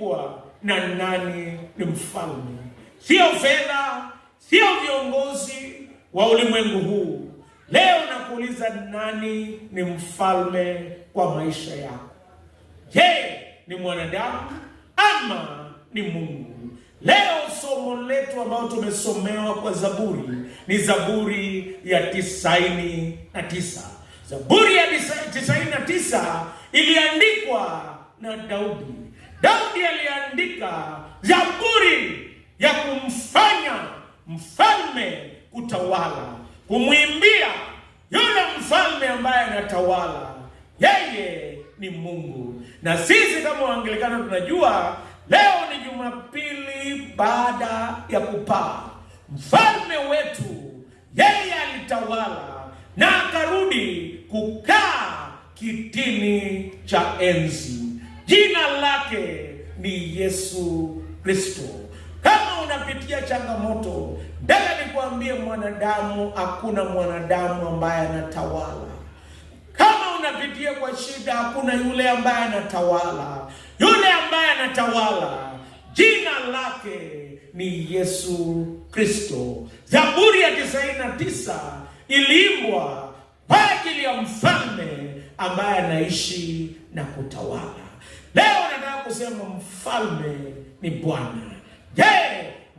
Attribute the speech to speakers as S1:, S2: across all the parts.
S1: kubwa na nani ni mfalme. Sio fedha, sio viongozi wa ulimwengu huu. Leo nakuuliza, nani ni mfalme kwa maisha yako? Je, ni mwanadamu ama ni Mungu? Leo somo letu ambayo tumesomewa kwa Zaburi ni Zaburi ya tisaini na tisa. Zaburi ya tisaini na tisa iliandikwa na Daudi. Daudi aliandika zaburi ya kumfanya mfalme kutawala, kumwimbia yule mfalme ambaye anatawala. Yeye ni Mungu, na sisi kama Waanglikana tunajua leo ni Jumapili baada ya kupaa. Mfalme wetu yeye alitawala na akarudi kukaa kitini cha enzi. Jina lake ni Yesu Kristo. Kama unapitia changamoto, nataka nikuambie, mwanadamu, hakuna mwanadamu ambaye anatawala. Kama unapitia kwa shida, hakuna yule ambaye anatawala. Yule ambaye anatawala jina lake ni Yesu Kristo. Zaburi ya 99 na iliimbwa kwa ajili ya mfalme ambaye anaishi na kutawala. Leo nataka kusema mfalme ni Bwana. Je,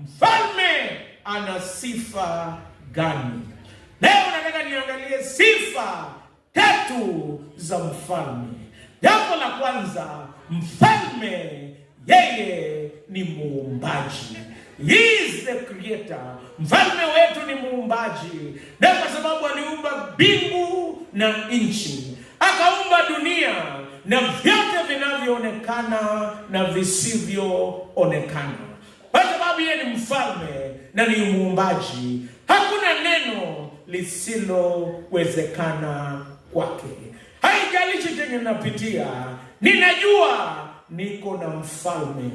S1: mfalme ana sifa gani? Leo nataka niangalie sifa tatu za mfalme. Jambo la kwanza, mfalme yeye ni muumbaji. He is the creator. Mfalme wetu ni muumbaji, na kwa sababu aliumba mbingu na nchi, akaumba dunia na vyo vinavyoonekana na visivyoonekana, kwa sababu yeye ni mfalme na ni muumbaji. Hakuna neno lisilowezekana kwake. Haijalishi chenye napitia, ninajua niko na mfalme.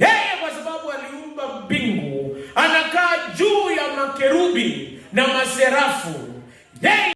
S1: Yeye kwa sababu aliumba mbingu, anakaa juu ya makerubi na maserafu yeye